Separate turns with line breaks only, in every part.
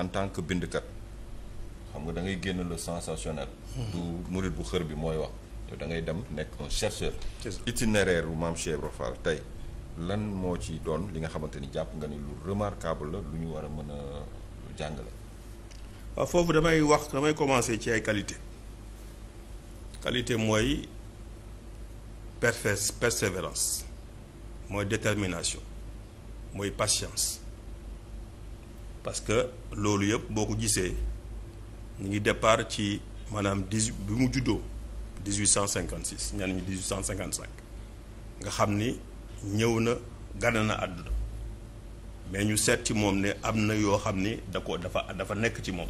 en tant que bindkat xam nga da ngay génn le sensationnel. Hmm. du murit bu xër bi mooy wax yow da ngay dem nekk un chercheur. itinéraire bu maam Cheikh Ibra tey lan moo ci doon li nga xamante ni jàpp nga ni lu remarquable la lu ñu war a mën a jàngale. waaw foofu damay wax damay commencer ci ay qualité qualité mooy perfe persévérance mooy détermination mooy patience. parce que loolu yëpp boo ko gisee ñu ngi départ ci maanaam dix bi mu juddoo dix huit cent cinquante six ñaan ñi dix huit cent cinquante nga xam ni ñëw na gana na àdduna mais ñu seet ci moom ne am na yoo xam ni da ko dafa dafa nekk ci moom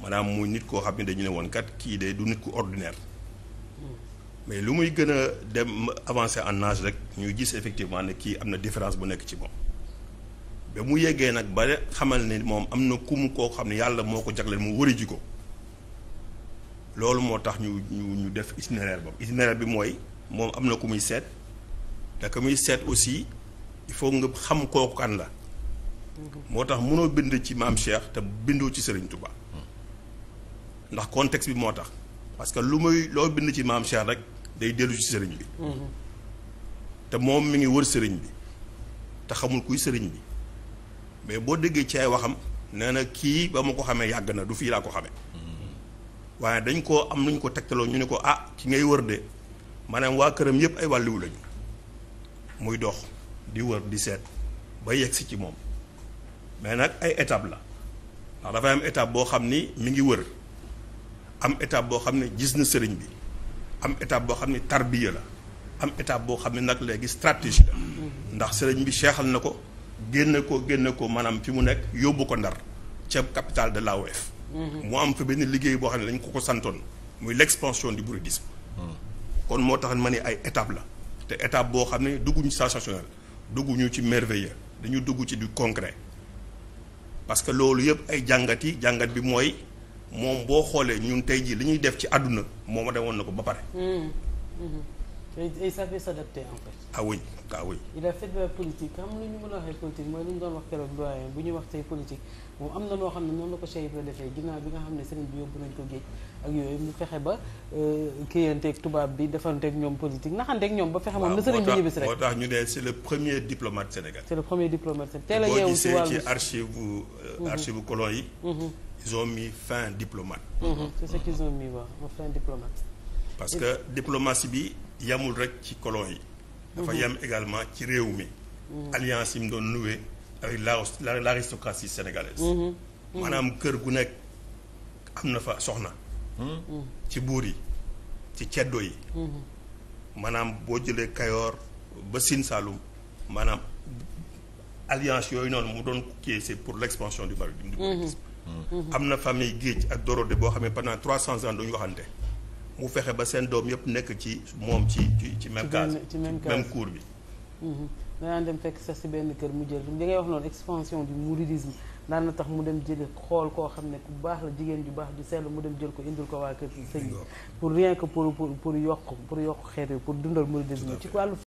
maanaam muy nit koo xam ne dañu ne woon kat kii de du nit ku ordinaire mais lu muy gën a dem avancer en âge rek ñu gis effectivement ne kii am na différence bu nekk ci moom. ba mu yeggee nag ba xamal ne moom am na ku mu koo xam ne yàlla moo ko jagleel mu wëri ji ko loolu moo tax ñu ñu ñu def itinéraire boobu itinéraire bi mooy moom am na ku muy seet te ku muy seet aussi il faut nga xam kooku kan la moo tax mënoo bind ci maam Cheikh te bindoo ci sëriñ Touba ndax contexte bi moo tax parce que lu muy loo bind ci maam Cheikh rek day dellu ci Serigne bi mhm. te moom mi ngi wër sëriñ bi te xamul kuy Serigne bi mais boo déggee ci ay waxam nee na kii ba mu ko xamee yàgg na du fii laa ko xamee waaye dañ koo am nuñ ko tegtaloo ñu ne ko ah ci ngay wër de maanaam waa këram yëpp ay wàlliwu lañu muy dox di wër di seet ba yegg si ci moom mais nag ay étape la ndax dafay am étape boo xam ni mi ngi wër am étape boo xam ne gis na sëriñ bi am étape boo xam ne tarbiya la am étape boo xam ne nag léegi stratégie la ndax sëriñ bi seexal na ko génne ko génne ko maanaam fi mu nekk yóbbu ko ndar ca capitale de la l'AOF. Mhm. mu am fa benn liggéey boo xam ne dañ ko ko santoon muy l'expansion du bouridisme. Hmm. kon moo tax ma ne ay étape la te étape boo xam ne dugguñu sensationnel dugguñu ci merveilleux dañu dugg ci du concret parce que loolu yëpp ay jàngat yi jàngat bi mooy moom boo xoolee ñun tey jii li ñuy def ci àdduna moom a demoon na ko ba pare. Hmm. Hmm. Et, il savait s'adapter en fait. ah oui ah oui. il a fait de la lu ñu mën a waxee politique mooy lu mu doon wax keroog doyen bu ñuy wax tey politique moom am na loo xam ne noonu la ko Cheikh Ibrahima defee ginnaaw bi nga xam ne sëriñ bi yóbbu nañ ko géej ak yooyu mu fexe ba euh, kiyanteeg tubaab bi defanteeg ñoom politique naxanteeg ñoom ba fexe moom na sëriñ bi ñibbi si rek moo tax ñu ne c'est le premier diplomate sénégalais. c'est le premier diplomate sénégalais teel a bi yamul rek ci colon yi dafa mhm. yam également ci réew mi mhm. alliance yi mu doon noué avec la la l'aristocratie sénégalaise mhm. maanaam kër gu nekk am na fa soxna ci buur yi ci ceddo yi maanaam boo jëlee Kayoor ba Sine Saloum maanaam alliance yooyu noonu mu doon kii pour l'expansion du maritime du banditisme am na famille géej ak Dorode boo xam ne pendant trois cents ans duñu waxante mu fexe ba seen doom yëpp nekk ci moom ci ci ci même case ci même cour bi mhm. danaan dem fekk sax si benn kër mu jël li ngay wax noonu expansion du mouridisme daan na tax mu dem jël xool koo xam ne ku baax la jigéen ju baax ju sell mu dem jël ko indil ko waa kër sëñ pour rien que pour pour pour yokk pour yokk xeet pour dundal mouridisme ci wàllu